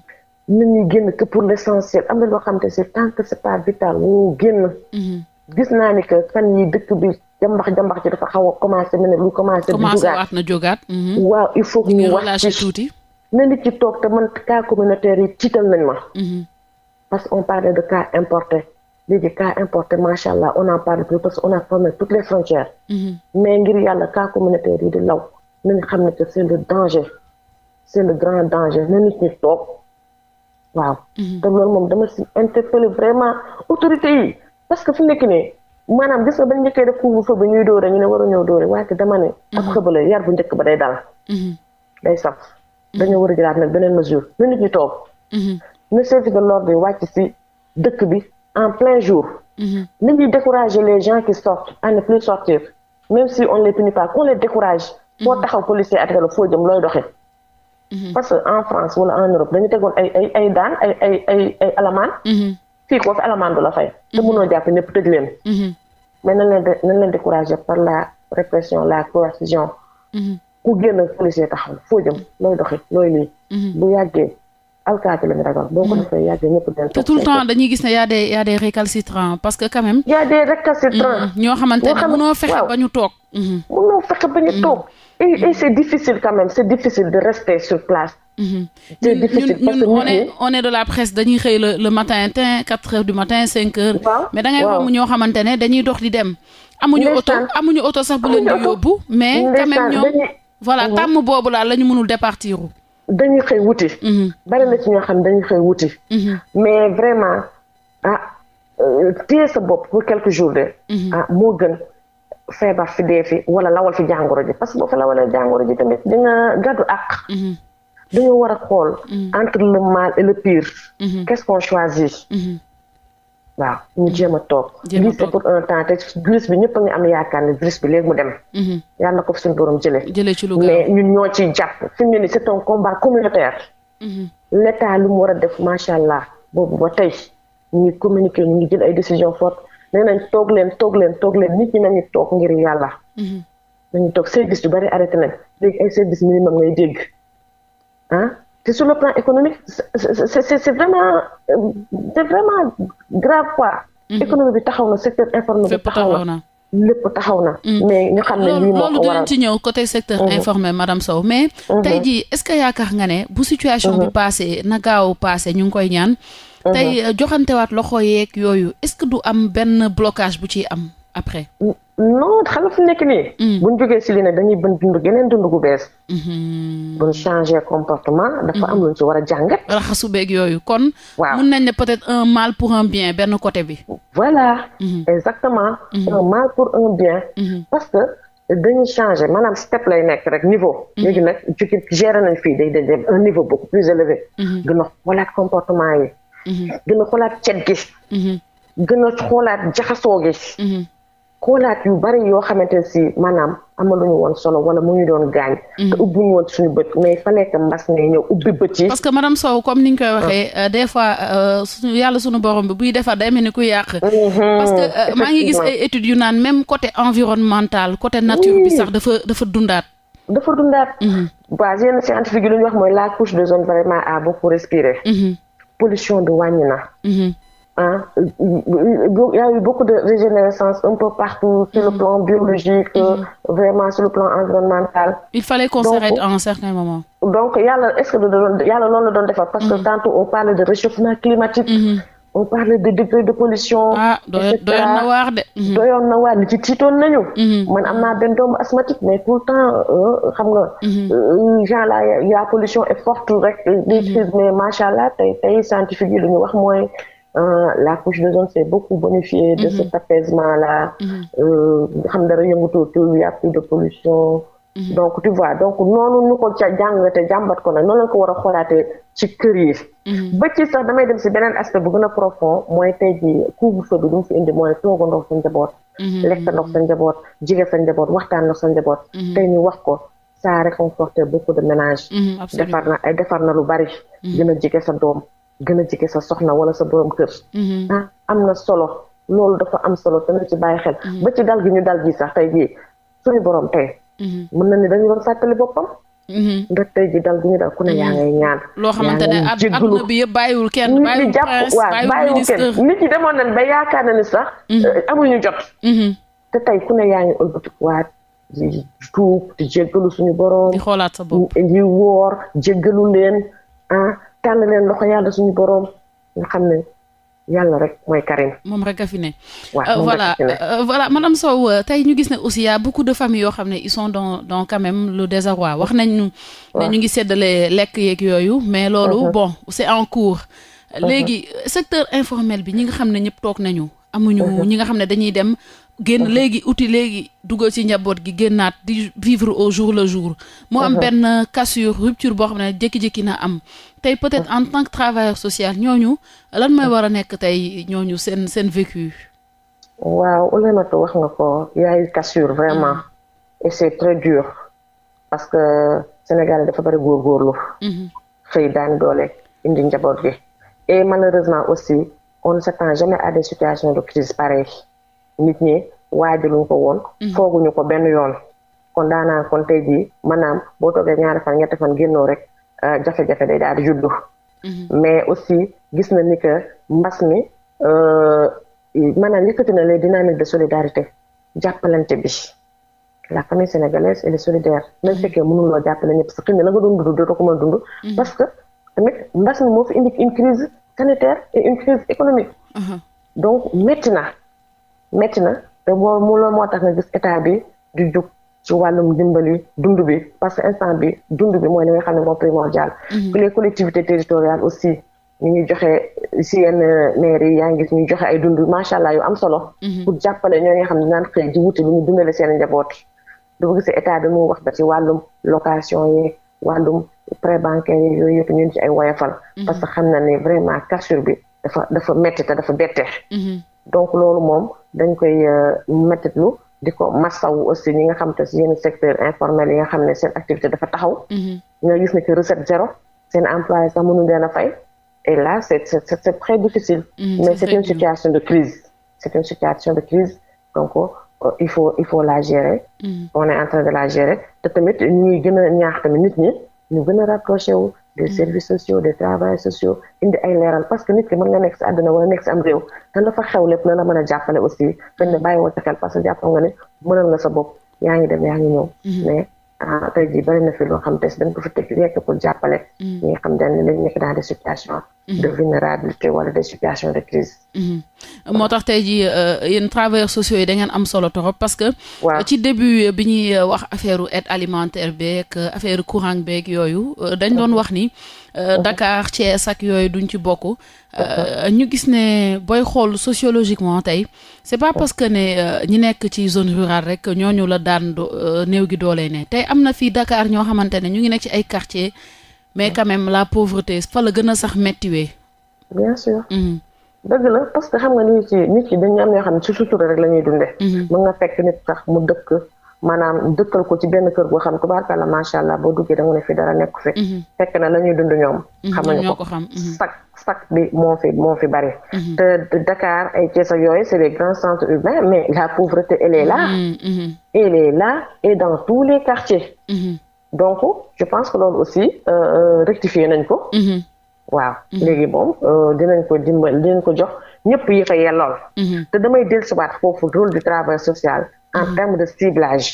nit ñi génn que pour l' essentiel loo xam te c'est tant que c'est pas vital ñu génn. Mhm. gis naa ni que fan yi dëkk bi jambax jambax ci dafa xaw a commencé mel ne lu commencé. di jógaat na jógaat. Mhm. waaw il faut que ñu wax ci tuuti. na nit ci toog te man cas communautaire yi tiital nañ ma. parce que on parlait de cas importé léegi cas importé macha allah on en parle plus parce que on a fermé toutes les mais ngir yàlla cas communautaire yi di law nañ xam ne que c'est c' le grand danger na nit ñi toog waaw. Mhm. te loolu moom dama si interpellé vraiment autorité yi parce que fu nekk nii maanaam gis nga bañ njëkkee def couvre-feu bi ñuy dóore ñu ne war a ñëw dóore waaye dama ne. ab mhm. xëbala yar bu njëkk ba day dal. Mhm. day saf dañoo war a jëlaat nag beneen mesure na nit ñi toog. na service de l'ordre bi wàcc si dëkk bi en plein jour. na ñuy décourager les gens qui sortent à ne plus sortir même si on les punit pas les décourage. doxee. Mm-hmm. parce que en France wala en Europe dañu tegoon ay ay daan ay ay alamaan. Mm-hmm. fii koo fi alamaan du la fay. te mm-hmm. mënoo jàpp ñëpp tëj leen. mais nañ leen di par la répression la coercition. ku génn policier taxaw foo jëm looy doxi looy nii. bu yàggee alkaati lañu ragal. boo ko defee yàggee ñëpp dañ te tout le temps dañuy gis ne y a a parce que quand même. y a des ñoo xamante ne mënoo ba ñu toog. mënoo fexe ba ñu toog. et, et c'est difficile quand même c'est difficile de rester sur place. Mhm. c'est difficile parce de la presse dañuy xëy le le matin teint quatre heures du matin cinq heures. mais da ngay ñoo xamante ne dañuy dox di dem. amuñu oto amuñu oto sax bu leen di yóbbu. mais quand même ñoom mhm. boobu laa la ñu mënul départir. dañuy xëy wuti. Mhm. bari na ci ñoo xam dañuy xëy wuti. mais vraiment ah euh, téye sa bopp pour quelques jours de. ah moo gën. feebar fi dee fi wala lawal fi jàngoro ji parce que boo fi lawalee jàngoro ji tamit di nga gàddu ak mm-hmm. dañoo war a xool mm-hmm. entre le mal et le pire mm-hmm. qu'est-ce qu'on choisit waaw ñu jéem a toog gis pour un temps te virus bi ñëpp a ngi am yaakaar ne virus bi léegi mu dem yàlla na ko fi suñu borom jële mais ñun ñoo ciy jàpp fi mu ne ni c'est un combat communautaire l'état lu mu war a def macha allah boobu ba tey ñu ngi communiquer ñu ngi jël ay décisions fortes nee nañ toog leen toog leen toog leen nit ñi nañu toog ngir yàlla. Mhm. nañu toog service yu bari arrêté nañ léegi ay service minimum ngay dégg ah te sur le plan économique c'est c'est c'est vraiment c'est vraiment grave quoi. Mhm. économie bi taxaw na secteur informel bi taxaw na. lépp taxaw na. Mhm. mais ñu xam ne lii moo ko waral loolu dinañ ci ñëw côté secteur informel madame Sow mais. tey jii est-ce que yaakaar nga ne bu situation bi passé na gaaw passé ñu ngi koy ñaan. tey mhm. euh, waat loxo yeeg yooyu est-ce que du am benn blocage bu ci am après. non xam nekk nii. Hmm. bu ñu jógee si lii nag dañuy bën dund geneen dund gu bees. Mhm. bu ñu changé comportement. dafa am mhm. lu ñu ci war a jàngat. raxasu beeg yooyu kon. waaw mun nañ ne peut-être un mal pour un bien benn côté bi. voilà. exactement. un mal pour un bien. parce que dañuy changé maanaam step lay nekk rek niveau. léegi nag jugee nañ fii day day un niveau beaucoup plus élevé. gën a yi. Mm-hmm. gën a xoolaat cet gi. Mm-hmm. gën a xoolaat jaxasoo gi. Mm-hmm. xoolaat yu bari yoo xamante si maanaam amaluñu woon solo wala mu ñu doon gaañ. te ubbuñu woon suñu bët mais fa nekk mbas ne ñëw ubbi bët yi. parce que madame Sow comme ni ñu koy waxee ah. euh, des fois euh, yàlla suñu borom buy defar day mel ni ku yàq. Euh, maa ngi gis ay études yu naan même côté environnemental côté nature bi sax dafa dafa dundaat. dafa dundaat. waa yenn scientifique yi lu ñu wax mooy la couche d'ozone vraiment a beaucoup respiré. pollution de wàññi na. i mhm. ah, y a eu de régénérescence un peu partout. sur le mhm. plan biologique. Mhm. vraiment sur le plan environnemental. il fallait qu'on s'arrête à un certain moment. donc yàlla est-ce que yàlla noonu la doon defar. parce que tantôt on parle de réchauffement climatique. on parle de degré de pollution. ah doyoon na waar de. Mhm. doyoon na waar de ci tiitoon nañu. Mhm. man am naa benn doomu asthmatique mais tout le temps euh, xam nga. Mhm. Euh, genre la la pollution est forte rek. Euh, des crises mais macha allah tey tey scientifique yi lu ñu wax mooy. la couche d'ozone s'est beaucoup bonifiée de cet apaisement là. xam dara yëngatu il y a de pollution. Mhm. donc tu vois donc noonu ñu ko ca jàngate jàmbat ko nag noonu lañ ko war a xoolaatee ci kër yi. Mhm. ba ci sax damay dem si beneen aspect bu gën a profond mooy tey jii couvre-feu bi lu fi indi mooy toogandoo sa njaboot. Mhm. lekk ndox sa njaboot jige sa njaboot waxtaan ndox sa njaboot. tey ñu wax ko. ça réconforte beaucoup de ménages. defar na ay defar na lu bari. gën a jige sa doom gën a jige sa soxna wala sa borom kër. Ah, am na solo loolu dafa am solo te na ci bàyyi xel. ba ci dal ñu dal gi sax tey jii suñu borom mun mm-hmm. na ni dañu war fàttali boppam. Mm-hmm. ndax tey ji dal bu ku ne yaa ngay ñaan. loo xamante ne adduna bi yëpp bàyyiwul kenn bàyyiwul prince bàyyiwul ministre nit ñi demoon nañ ba yaakaar na ne sax. Mm-hmm. Euh, amuñu jot. te tey ku ne yaa ngi ëlbatikuwaat di tuub di jéggalu suñu borom. di xoolaat sa bopp di woor jéggalu leen ah leen loxo yàlla suñu borom nga xam ne. yàlla rek mooy Karim. moom rek a fi ne. waaw euh, voilà euh, voilà madame Sow euh, tey ñu gis ne aussi y beaucoup de famille yoo xam ne ils sont dans dans quand même le désarroi wax nañ ñu. ne ñu ngi séddale lekk yeeg yooyu. mais loolu mhm. bon c'est en cours. Mhm. léegi secteur informel bi ñi nga xam ne ñëpp toog nañu. amuñu mhm. ñi nga xam ne dañuy dem génn léegi uti léegi duggal ci njaboot gi génnaat di vivre au jour le jour moo am benn cassure rupture boo xam ne jékki-jékki na am tey peut-être en tant que travailleur social ñooñu lan may war a nekk tey ñooñu seen seen vécu waaw Oulématou wax nga ko yaayu cassure vraiment et c'est très dur parce que Sénégal dafa bari góorgóorlu mhm. xëy daan doole indi njaboot gi et malheureusement aussi on ne s'attend jamais à des de crise pareilles nit ñi waajaluñ ko woon. Mhm. fooguñu ko benn yoon. kon daanaan kon tey jii maanaam boo ñaar ñaari fan ñetti fan génno rek euh, jafe-jafe day daal di juddu. Mhm. mais aussi gis na ni que mbas mi euh, maanaam yëkkati na les dynamiques de solidarité jàppalante bi. la famille sénégalaise elle est solidaire mhm. même fekkee mënul loo jàppale ñëpp parce que xëy parce que tamit mbas mi moo fi indi une crise sanitaire une crise économique. donc métti na. métti na te moo mu loolu moo tax nga gis état bi du jug ci wàllum dimbali dund bi parce que instant bi dund bi mooy li nga xam ne moom primordial que mhm. les collectivités territoriales aussi ñu ngi joxe si yenn maire yi yaa ngi gis ñu joxe ay dund macha allah yu am solo. Mhm. pour jàppale ñoo nga xam ne naan xëy di wuti lu ñu dundale seen njaboot. du ko gisee état bi mu wax ba ci wàllum location yi wàllum prêt bancaire yi yooyu yëpp ñu ci ay woyafal. Mhm. parce que xam na ne vraiment cassure bi dafa dafa métti dafa bette. donc loolu moom dañ koy euh, mettitlu di ko massawu aussi ñi nga xam te si yenn secteur informel yi nga xam ne seen activité dafa taxaw nga mhm. gis ne que recette zéro seen employé sax mënuñ leen a fay et là c'est c'est c'est très difficile mhm, mais c'est une situation de crise c'est une situation de crise donc euh, il faut il faut la gérer o mhm. on est de la gérer te tamit ñuy gën a ñaax tamit nit ñi ñu gën a rapproché wu des services sociaux des travailleurs sociaux indi ay leeral parce que nit ki mën nga nekk sa àdduna wala nekk sa am a jàppale aussi bañ na bàyyi woo parce que jàpp a ne mënal la sa bopp yaa ngi dem yaa ngi mm-hmm. mais ah, tey jii bari na fi loo xam te dañ ko pour jàppale mm-hmm. ñi nga xam dañ ne lañ des situations Mhm. wala de situation de mhm. moo tax tey jii euh, yéen travailleurs sociaux yi da ngeen am solo torop parce que waaw ci début bi ñuy euh, wax affaire aide alimentaire beeg euh, affaire courant beeg yooyu dañ doon mhm. wax ni Dakar Thiès ak yooyu duñ ci bokk ñu gis ne booy xool sociologiquement tey c'est pas parce que ne ñi nekk ci zone rurale rek ñooñu la daan néew gi doole ne tey am na fii dakaar ñoo xamante ne ñu ngi nekk ci ay quartier mais quand même la pauvreté fa la gën a sax méttiwee. bien sûr. Mhm. dëgg parce que xam nga nit ci nit ki dañu am yoo xam ne ci sutura rek la ñuy dundee. Mhm. mën nga fekk nit sax mu dëkk maanaam dëkkal ko ci benn kër goo xam tubaarkàlla macha allah boo duggee da nga ne fi dara nekk fi. fekk na la ñuy dund ñoom. Mhm, xamuñu ko sax sax bi moo fi moo fi bari. dakaar ay Thiès ak yooyu c'est des grands centres urbains mais la pauvreté elle est là. elle et dans tous les quartiers. donc je pense que loolu aussi euh, rectifier nañ ko. Mm-hmm. waaw mm-hmm. léegi moom euh, dinañ ko dimbal dinañ ko jox ñëpp yi ko yellool. Mm-hmm. te damay dellusiwaat foofu rôle du travail social. en terme de ciblage.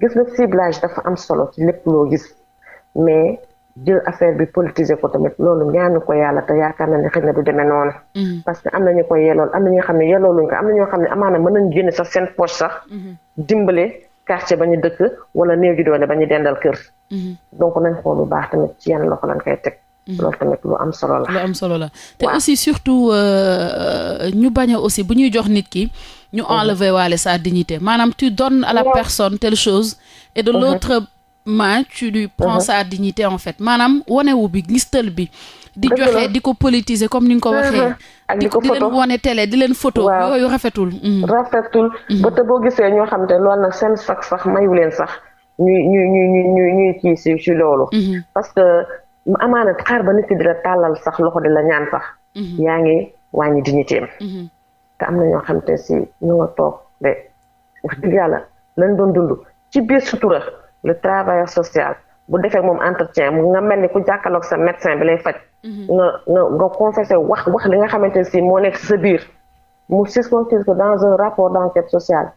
gis nga ciblage dafa am solo ci lépp loo gis mais jël affaire bi politiser ko tamit loolu ñaanu ko yàlla te yaakaar na ne xëy na du demee noonu. parce que am na ñu koy yellool am na ñu xam ne yellooluñ ko am na ñoo xam ne amaana mën nañ génne sax seen poche sax. dimbale quartier ba ñu dëkk wala néew ji ba ñu dendal kër. Mhm. donc nañ xool bu baax tamit ci yan loxo lañ koy teg. Mhm. loolu tamit lu am solo la. lu am solo la te aussi surtout euh, euh, ñu bañ a aussi bu ñuy jox nit ki. ñu mhm. enlever waale sa dignité maanaam tu donnes à la personne telle chose. et de l'autre main tu lui prends sa dignité en fait maanaam wonewu bi ngistal bi. di joxe di ko politisé comme ni nga ko waxee. ak di ko di leen wone télé di leen photo. yooyu rafetul. rafetul ba te boo gisee ñoo xam te loolu na seen sax sax mayu leen sax ñuy ñuy ñuy ñuy ñuy si si loolu. parce que amaana xaar ba nit ki di la tàllal sax loxo di la ñaan sax. yaa ngi di dignitéem. te am na ñoo xam te si ñu toog de wax dëgg yàlla lañ doon dund ci biir sutura le travailleur sociale bu defee moom entretien mu nga mel ni ku jàkkaarloog sa médecin bi lay faj. nga nga nga confessé wax wax li nga xamante ne si moo nekk sa biir mu circonscrire ko dans un rapport d'enquête sociale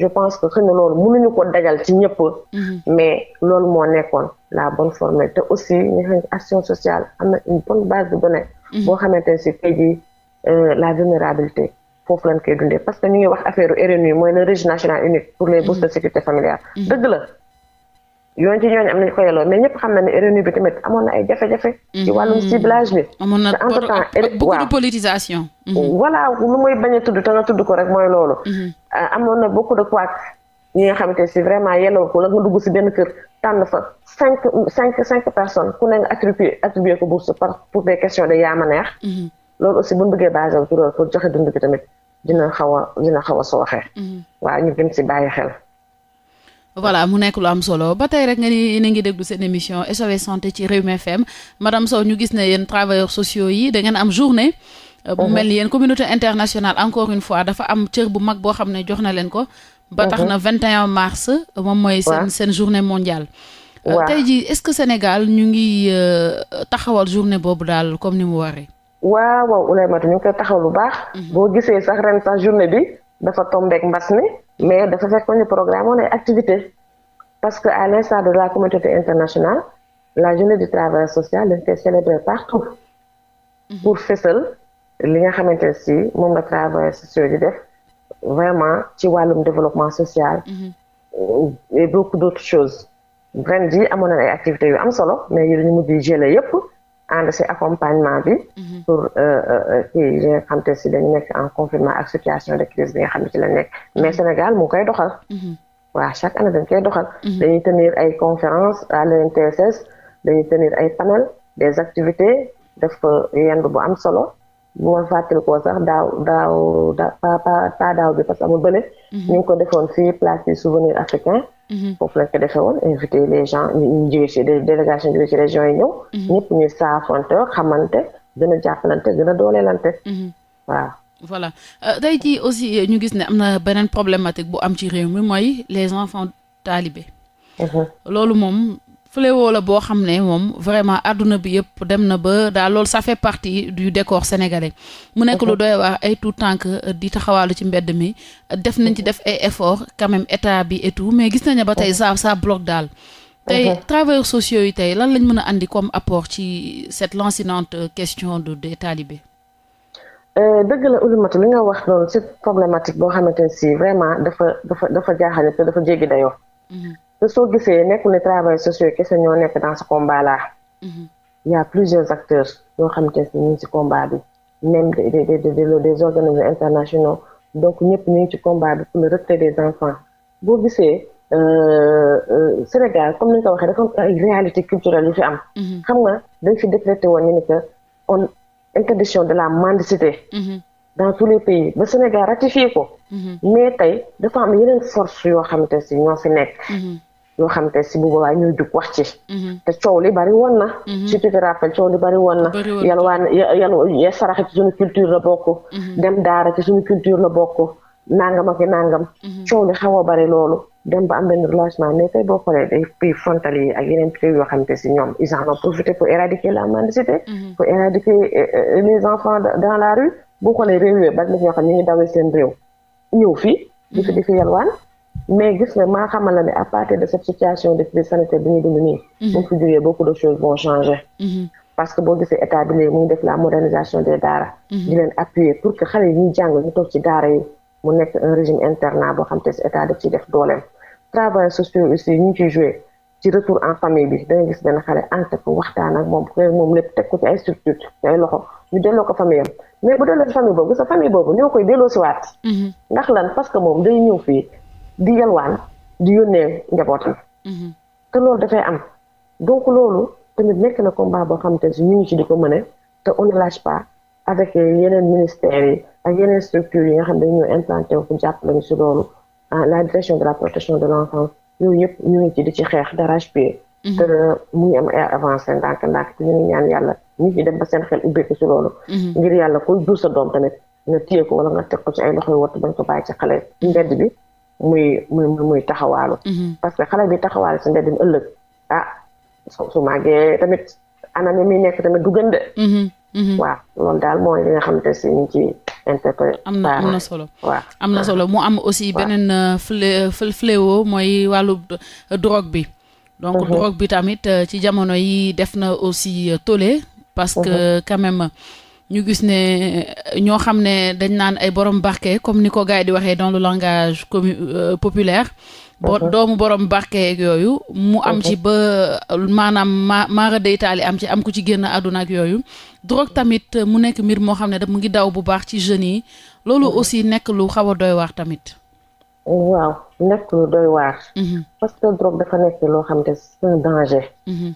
je pense que xëy na loolu mënuñu ko dajal ci ñëpp. Mhm. mais loolu moo nekkoon la bonne formule te aussi ñu xam ne action sociale am na une bonne base de données. Mhm. boo xamante ne si tey euh, la vulnérabilité foofu lañ koy dundee parce que ñu ngi wax affaire RNU mooy le régime national unique pour les mhm. bourses de sécurité familiale dëgg ñooñu ci ñooñu am nañu ko yelloo mais ñëpp xam na ne RNU bi tamit amoon na ay jafe-jafe. ci mm-hmm. wàllum ciblage bi. amoon na entre temps beaucoup de politisation. Mm-hmm. voilà lu muy bañ a tudd te nga ko rek mooy loolu. Mm-hmm. Euh, amoon na beaucoup de couacs ñi nga xamante si vraiment yelloo ko la nga dugg si benn kër tànn fa cinq cinq cinq personnes ku ne nga attribué attribué ko bourse par pour des questions de yaama neex. loolu aussi bu ñu bëggee basé wu joxe dund bi tamit dina xaw a dina xaw a sooxe. waaw ñu gën si bàyyi xel. voilà mu nekk lu am solo ba tey rek nga ni yéen ngi déglu seen émission SOS santé ci Rewmi FM madame Sow ñu gis ne yéen travailleurs sociaux yi da ngeen am journée. Euh, bu mhm. mel ni yéen communauté internationale encore une fois dafa am cër bu mag boo xam ne jox na leen ko. ba tax mhm. na 21 mars. Euh, moom mooy seen seen journée mondiale. Euh, tey jii est-ce que Sénégal ñu ngi taxawal journée boobu daal comme ni mu waree. waaw waaw Ouleymatou ñu ngi koy taxawal bu baax. Mhm. boo gisee sax ren dafa tombeek mbas mi mais dafa fekkoon ñu programme woon ay activité parce que à l'instar de la communauté internationale la journée du travail social dañ koy célébrer partout mhm. pour fësal li nga xamante si moom la travail social di def vraiment ci wàllum développement sociale mhm. et beaucoup d'autres choses ren jii amoon na ay activités yu am solo mais yu ñu mujj jëlee yëpp ànd si accompagnement bi. Mhm. pour euh, euh, euh, kii yi xam te si dañu nekk en confinement ak situation de crise bi nga xam ne ci la mhm. mais Sénégal mu ngi koy doxal. Mhm. waaw chaque année dañ koy doxal. dañuy tenir ay conférences à l'ENTSS dañuy tenir ay panel des activités def yenn bu am solo bu ma ko sax daaw daaw da pa pa bi parce que amul bële. ñu ngi ko defoon fii place du souvenir africain. Mhm. foofu lañ ko defee woon invité les gens ñu jóge délégation jóge si région yi ñëw mhm. ñëpp ñu saafonte xamante gën a jàppalante gën a dooleelante mhm. waaw voilà euh, tey jii aussi euh, ñu gis ne am na beneen problématique bu am ci réew mi mooy les enfants talibés loolu moom fléau la boo xam ne moom vraiment adduna bi yëpp dem na ba daal loolu ça fait partie du décor sénégalais mu nekk lu doy wax ay tout temps di taxawaalu ci mbedd mi def nañ ci def ay effort quand même bi et mais gis nañ ne ba tey ça ça bloque daal tey travailleurs sociaux yi tey lan lañ mën a indi comme apport ci cette lancinante question de des talibés euh, dëgg la Oulimata li nga wax noonu c'est problématique boo xam ne si vraiment dafa dafa dafa jaaxale te dafa jéggi dayoo mhm. te soo gisee nekkul ne travailleurs sociaux kese ñoo nekk dans ce combat là. Mhm. il plusieurs acteurs yoo xamante ne ñu ngi ci combat bi même des des des des organismes internationaux donc ñëpp ñu ngi ci combat bi pour le retrait des enfants boo gisee euh, euh, Sénégal comme ni nga ko waxee dafa am ay réalité culturelle yu fi am. Mhm. xam nga dañ fi décrété woon ñu ne que on interdiction de la mendicité. Mhm. dans tous les pays ba Sénégal ratifié ko. mais tey dafa am yeneen force yoo xamante ne ñoo fi nekk. yoo xam te si bu boobaa ñoo jug wax ci mm-hmm. te coow li bari woon na mm-hmm. si tu te rappelles coow li bari woon na yalwaan yal saraxe ci suñu culture la bokk mm-hmm. dem daara ci suñu culture la bokk nangam ak nangam coow li xaw a bari loolu dem ba am benn relâchement mais tey boo xoolee day pays frontaliers yi ak yeneen pays yoo xam te si ñoom ils en ont profité pour éradiquer la mendicité pour éradiquer euh, euh, les enfants dans la rue boo xoolee réew yooyu bari na ñoo xam ñu ngi dawee seen réew ñëw fii di fi di fi yalwaan mais gis nga maa xamal à partir de cette situation de crise sanitaire bi ñu dund nii. Mhm. bu ñu fi jógee beaucoup de changer. Mhm. parce que boo gisee état bi léegi mu ngi def la modernisation des daara. Mhm. di leen appuyer pour que xale yi jàng ñu toog ci daara yi mu nekk un régime internat boo xam te si état daf ciy def dooleem. travail sociaux aussi ñu ngi ciy ci retour en famille bi da nga gis benn xale ante ko waxtaan ak moom bu moom lépp teg ko ay structure ci ay loxo di yalwaan di yónnee njabootam. Mm-hmm. te loolu dafay am donc loolu tamit nekk na combat boo xam si ñu ngi ci di ko mën a te on ne lâche pas yeneen ministères yi ak yeneen structures yi nga xam ne dañoo implanté wu pour jàppale ñu si loolu ah, la direction de la protection de l' enfance yooyu yëpp ñu ngi ci di ci xeex d'arrache-pied. Mm-hmm. te mu ngi am ay avancé ndànk ndànk te ñu ngi ñaan yàlla ñu ci dem seen xel ubbeeku si loolu. Mm-hmm. ngir yàlla kuy jur sa doom tamit nga ko wala nga teg ko ci ay loxo yu wott bañ ko bàyyi ci xale mbedd bi. muy muy muy taxawaalu. Mhm. parce que xale bi taxawaalu si mbedd mi ëllëg ah su màggee tamit anam yi muy nekk tamit du de. Mhm, mhm. waaw loolu daal mooy li nga xamante si ñu ci interpellé. am na solo waaw am na solo mu am aussi beneen euh, flé euh, fléau mooy wàllu euh, drogue bi. donc drogue bi tamit ci jamono yi def na aussi tollé. parce que quand ñu gis ne euh, ñoo xam ne dañ naan ay borom barke comme ni ko gars yi di waxee dans le langage commu euh, populaire. bo uh-huh. doomu borom barke ak yooyu. mu am ci uh-huh. ba maanaam ma maara deytaali am ci am ku ci génn àdduna yooyu. drogue tamit euh, mu nekk mbir moo xam ne da mu ngi daw bu baax ci jeunes yi loolu uh-huh. aussi nekk lu xaw a doy waax tamit. waaw nekk lu doy waar. parce que drogue dafa nekk loo xam ne c'est un danger.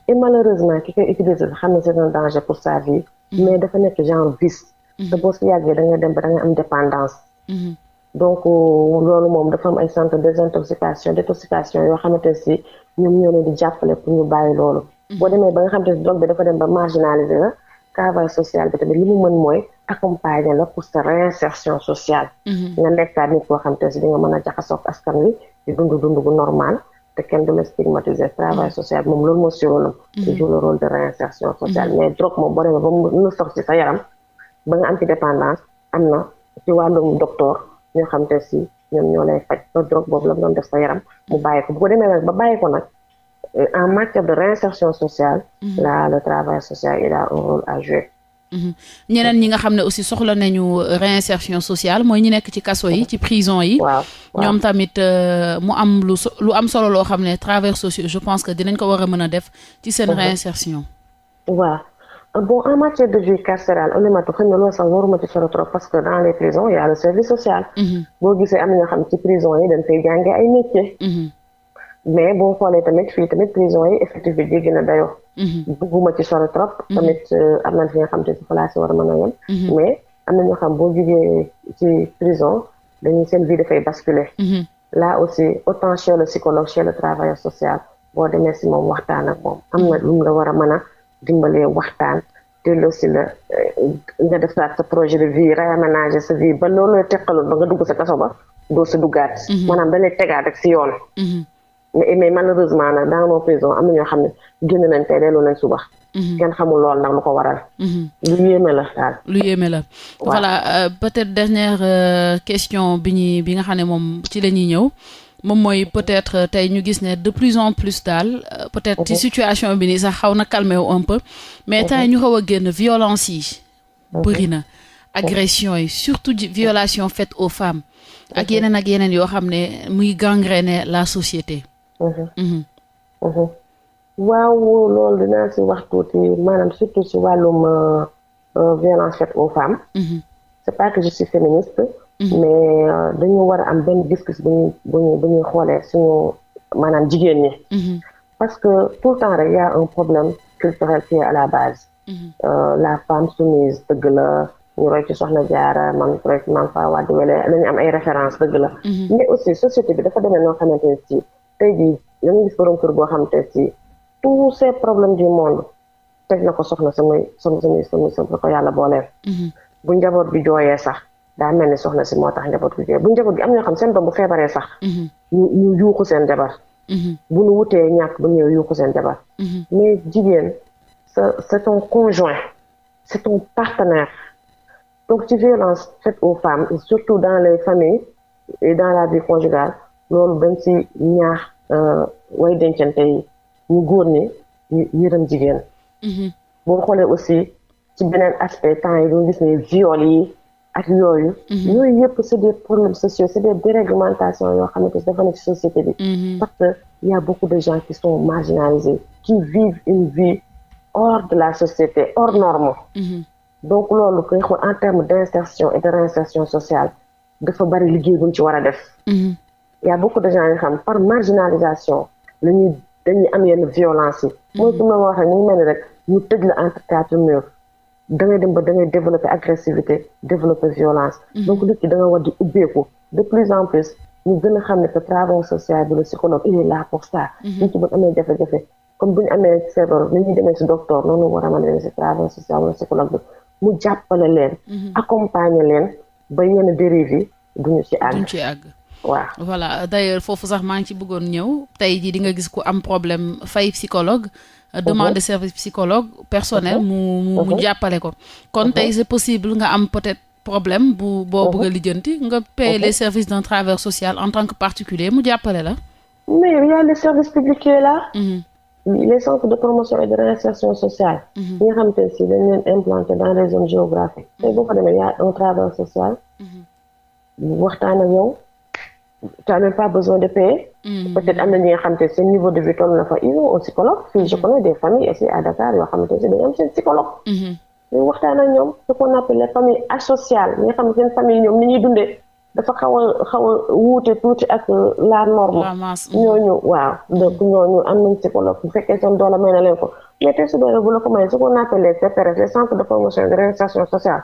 et malheureusement ki koy utiliser xam ne c'est danger pour sa vie. Mm-hmm. mais dafa nekk genre vice. Mm-hmm. te boo si yàggee da nga dem ba da am dépendance. Mm-hmm. donc euh, loolu moom dafa am ay centre désintoxication détoxication yoo xamante si ñoom ñoo leen di jàppale pour ñu bàyyi loolu. boo demee ba nga xamante si drogue bi dafa dem ba marginalisé la travail social bi tamit li mu mën mooy accompagner la pour sa réinsertion sociale. nga nekkaat nit koo xamante si di nga mën a jaxasoo ak askan wi di dund dund bu normal. te kenn du la stigmatiser travail social moom loolu moo si rôle am joue le de réinsertion sociale mais drogue moom boo demee ba mu na sox ci sa yaram ba nga am ci dépendance am na ci wàllum docteur ñoo xam te si ñoom ñoo lay faj ba drogue boobu la mu doon def sa yaram mu bàyyi ko bu ko demee ba bàyyi ko nag en matière de réinsertion sociale la le travail social il a un rôle à Mhm. ñeneen ñi nga xam ne aussi soxla nañu euh, réinsertion sociale mooy ñu nekk ci casso yi ci prison yi. waaw ñoom tamit euh, mu am lu so lu am solo loo xam ne travailleurs sociaux je pense que dinañ ko war a mën a def. ci seen réinsertion. waaw euh, bon en matière de vie carcérale honnêtement xëy na loolu sax waruma ci que dans y a le service social. Mhm. boo gisee am nga xam ci prison yi dañ fay jàngee ay métiers. Mhm. mais boo xoolee tamit fii tamit prison yi effectif bi jéggi na dayoo. Mhm. bugguma ci sori trop. Mhm. tamit euh, am na fi nga xam te ne place war a a yem. Mhm. mais am na ñoo xam boo jugee ci prison dañuy seen vie dafay basculer. la aussi autant chez le psychologue chez le travailleur social boo demee si moom waxtaan ak moom am na lu mu la war a mën a dimbalee waxtaan. te loolu si la euh, nga defaat sa projet de vie réaménager sa vie ba loolu la teqaloon ba nga dugg sa kaso ba doo sa duggaat. maanaam da lay tegaat rek si yoon. mais mais malheureusement nag dans nos prisons am na ñoo xam ne génn nañ tey delloo nañ suba. Mhm. kenn xamul lool nag lu ko waral. Mhm. lu yéeme la daal. lu yéeme la. voilà euh, peut-être dernière euh, question bi bi nga xam ne moom ci la ñuy ñëw. moom mooy peut-être euh, tey ñu gis ne de plus en plus daal peut-être ci mhm. situation bi nii sax xaw na calmé wu un mais tey ñu xaw a génn violence yi bëri na agression yi surtout violation faite aux femmes ak yeneen ak yeneen yoo xam ne muy gangréner la société Mhm. Mhm. Mhm. waaw loolu dinaa si wax tuuti maanaam surtout si wàllum euh, euh, violence faite aux femmes. c'est pas que je suis féministe. mais euh, dañu war a am benn gis-gis bu ñuy bu ñuy bu ñuy xoolee suñu maanaam jigéen ñi. parce que tout le temps rek y a un problème culturel qui à la base. la femme soumise dëgg la ñu roy ci soxna jaara man roy ci man am ay références dëgg la. mais aussi société bi dafa demee noo xamante ne tey jii da nga kër boo xam te si tous ces problèmes du monde teg na ko soxna samay sama samay sama sama ko yàlla booleel. Mhm. bu njaboot bi jooyee sax daa mel ni soxna si moo tax njaboot bi jooyee bu njaboot bi am ñoo xam seen doom bu feebaree sax. Mhm. ñu ñu yuuxu seen jabar. Mhm. bu nu wutee ñàkk ba ñëw yuuxu seen jabar. mais jigéen sa c'est ton conjoint c'est partenaire donc ci violence faite aux femmes surtout dans les familles et dans la vie conjugale. loolu dañ si ñaax euh, way dencante yi ñu góor ni ñu yërëm jigéen mm-hmm. boo xoolee aussi ci beneen aspect temps yi duñ gis ne viol yi ak yooyu mm-hmm. yooyu yëpp c'est des problèmes sociaux c'est des déréglementations yoo xamante ne dafa nekk ci société bi mm-hmm. parce que y a beaucoup de gens qui sont marginalisés qui vivent une vie hors de la société hors norme donc loolu koy xool en terme d'insertion et de réinsertion sociale dafa bari liggéey buñ ci war a def il y a beaucoup de gens yoo xam par marginalisation la dañuy am yenn violence yi. Mm-hmm. mooy su ma wax rek ñu ngi ni rek ñu tëj la entre quatre murs da ngay dem ba da ngay développer agressivité développer violence. Mm-hmm. donc nit ki da nga war di ubbeeku de plus en plus ñu gën a xam ne que travail social bi le psychologue il est là pour ça. Mm-hmm. nit ki bu amee jafe-jafe comme bu ñu amee feebar ni ñuy demee si docteur noonu war a mën a demee si travail social wala psychologue bi mu jàppale leen. accompagner leen ba yenn dérives waaw voilà d'ailleurs foofu sax maa ngi ci bëggoon ñëw tey jii di nga gis ku am problème fay psychologue uh-huh. demande de service psychologue personnel uh-huh. mu uh-huh. jàppale ko kon tey c'est possible nga am peut-être problème bu boo bëgg lijjanti nga paye les service d'un travailleur social en tant que particulier mu jàppale la mais il y a mm-hmm. de promotion et de réinsertion sociale mm-hmm. ñi nga xam te si dañ leen implanté dans les zones géographiques tey boo fa demee y un travailleur social mm-hmm. waxtaan ak yow tu n'as même pas besoin de payer. Mmh. peut-être am na ñi nga niveau de vie na fa ils ont un psychologue. fii je connais des familles ici à Dakar yoo xamante ne dañoo am seen psychologue. Mm-hmm. ñu waxtaan ak ñoom ce qu'on appelle les familles asociales ñi nga xam ne seen famille ñoom ni ñuy dundee dafa xaw a xaw a wuute tuuti ak euh, la norme. Mm-hmm. ñooñu waaw donc ñooñu am nañ psychologue bu fekkee seen doole may na leen ko. les tests de bu la commencé ce qu'on appelle les CPRS les centres de promotion de réinsertion sociale.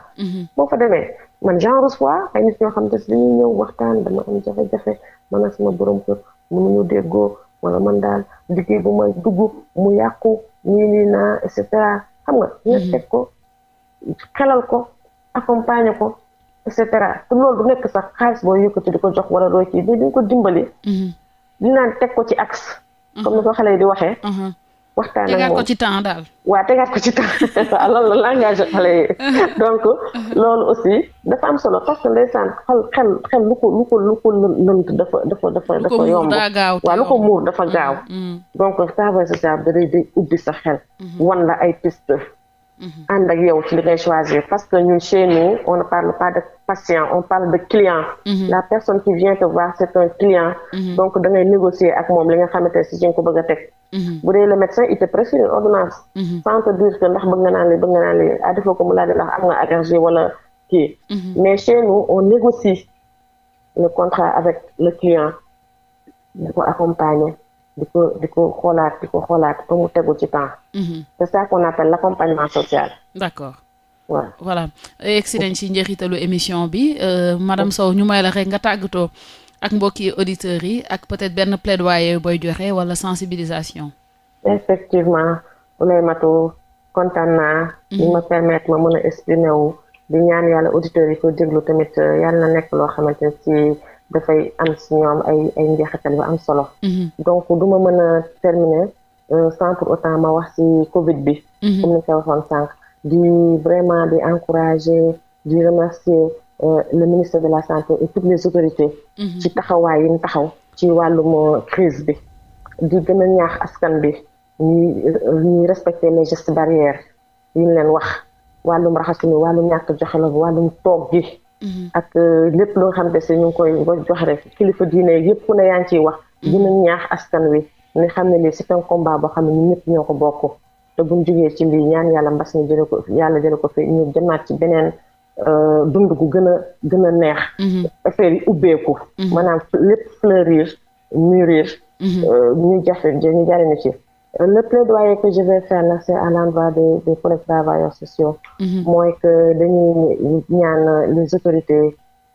boo fa demee man genre fois ay nit ñoo xam te si dañuy ñëw waxtaan dama am jafe-jafe man ak sama borom kër mënuñu déggoo wala man daal liggéey bu may dugg mu yàqu nii nii naa et cetera xam nga. ñu teg ko xelal ko accompagner ko. et cetera te loolu du nekk sax xaalis boo yëkkati di ko jox wala doo ci mais duñ ko dimbali. di naan teg ko ci axe. comme ni ko xale yi di waxee. waxtaan ak moom ko ci temps daal. waaw tegaat ko ci temps loolu la langage xale yi donc loolu aussi dafa am solo parce que ndeysaan xel xel xel lu ko lu ko lu ko lënt dafa dafa dafa yomb waaw lu ko muur dafa gaaw mm, mm. donc travail social da day ubbi sax xel mm-hmm. wan la ay piste mm-hmm. ànd ak yow ci li choisir parce que ñun chez nous on ne parle pas de patient on parle de client mm -hmm. la personne qui vient te voir c'est un client mm-hmm. donc da négocier ak moom li nga xamante ne si nga ko bëgg a teg Mhm. bu dee le médecin il te prescrit une ordonnance. Mhm. sans te dire ndax bëgg nga naan bëgg nga naan lii à défaut que ndax am nga allergie wala kii. Mhm. mais chez on négocie le contrat avec le client di ko accompagner di ko di xoolaat di ko xoolaat ba mu tegu ci temps. c'est ça qu'on appelle l'accompagnement social. d'accord. waaw voilà egsi ci njeexitalu émission bi euh, madame Sow ñu may la nga tàggatoo. ak mbokki auditeurs yi ak peut-être benn plaidoyer boy joxe wala sensibilisation. effectivement Ouleymatou kontaan naa. Mhm. li ma permettre ma mën a exprimer wu. di ñaan yàlla auditeurs yi ko déglu tamit euh, yàlla na nekk loo xamante ne ci dafay am si ay ay njeexital am solo. Mhm. donc du ma mën a terminer euh, sans pour autant ma wax si Covid bi. Mhm. comme ni ko waxoon sànq di vraiment di encourager di remercier. Euh, le ministre de la santé et toutes les autorités. Mhm. ci taxawaay yi taxaw ci wàllum euh, crise bi. di gën a ñaax askan bi ñuy euh, ñuy respecter les gestes barrières yi ñu leen wax wàllum raxasinu wàllum ñàkk joxe la wàllum toog gi. Mhm. ak lépp loo xam ne si ñu ngi koy jox rek kilifa diine yëpp ku ne yaa ngi ciy wax. Mhm. gën a ñaax askan wi ni xam ne lii c'est un combat boo xam ne ñun ñëpp ñoo ko bokk te buñ jugee ci lii ñaan yàlla mbas ñu jëlee ko yàlla jëlee ko fi ñu jëmaat ci beneen. Euh, dund gu gën a gën a neex. Mhm. affaire yi ubbeeku. Mhm. maanaam lépp fleurir mûrir. Mhm. Euh, ñu jafe ñu jariñu ci. le plaidoyer que je vais faire nag c'est à l'endroit des des collègues travailleurs sociaux. mooy que dañuy ñaan les autorités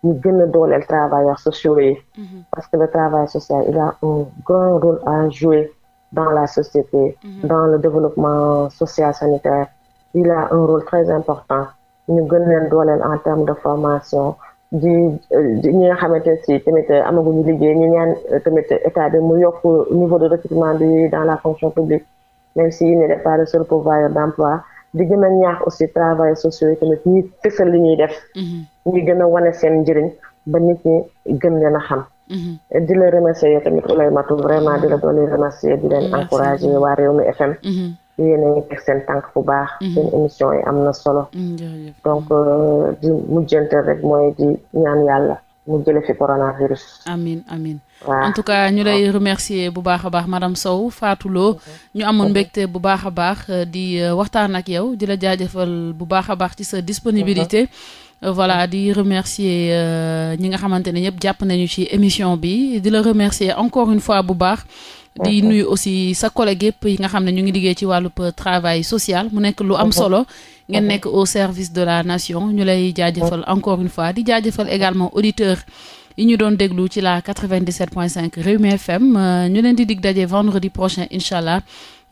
ñu gën a dooleel travailleurs sociaux yi. parce que le travail social il a un grand rôle à jouer dans la société. dans le développement social sanitaire il a un rôle très important. ñu gën leen dooleel en terme de formation di ñi nga xamante si tamit amaguñu liggéey ñu ñaan euh, tamit état bi mu yokk niveau de recrutement bi dans la fonction publique même si il n'est pas le seul pourvoyeur d'emploi di gën a ñaax aussi travailleurs sociaux yi tamit ñuy fësal li ñuy def mm-hmm. ñi gën a wane seen njëriñ ba nit ñi gën leen a xam mm-hmm. di la remercier yow tamit Ouleymatou vraiment di la mm-hmm. doon remercier di leen encourager waa Rewmi FM yéen a ngi seen tànk bu baax. Mhm. seen émission yi am na solo. Mm, donc euh, di mujjantal rek mooy di ñaan yàlla. mu jële fi coronavirus. amiin amiin en tout cas ñu lay remercier bu baax a baax madame Sow Fatou ñu amoon mbégte bu baax a baax euh, di euh, waxtaan ak yow di la jaajëfal bu baax a baax ci sa disponibilité. voilà di remercier ñi nga xamante ne ñëpp jàpp nañu ci émission bi di la remercier encore une fois bu baax. di nuyu aussi sa collègue yëpp yi nga xam ne ñu ngi liggéey ci wàllub travail social mu nekk lu am solo ngeen nekk au service de la nation ñu lay jaajëfal encore une fois di jaajëfal également auditeur yi ñu doon déglu ci la 97.5 Rewmi FM euh, ñu leen di dig daje vendredi prochain incha allah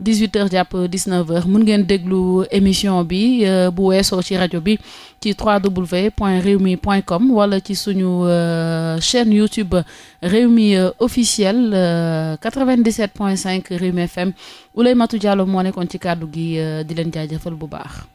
18 heures jàpp 19 heures mun ngeen déglu émission bi euh, bu weesoo ci rajo bi ci point www.rewmi.com wala ci suñu euh, chaîne YouTube Rewmi euh, officiel 97.5 Rewmi FM matu Diallo moo nekkoon ci kàddu gi di leen jaajëfal bu baax.